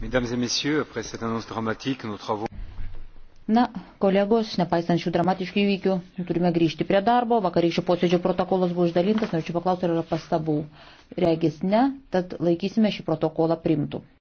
Mesdames et messieurs, après cette annonce dramatique, nos travaux. Na, kolegos, nepaisant šių dramatiškų įvykių, turime grįžti prie darbo. Vakarykščio posėdžio protokolas buvo išdalintas, norėčiau paklausti, ar yra pastabų. Regis ne, tad laikysime šį protokolą primtų.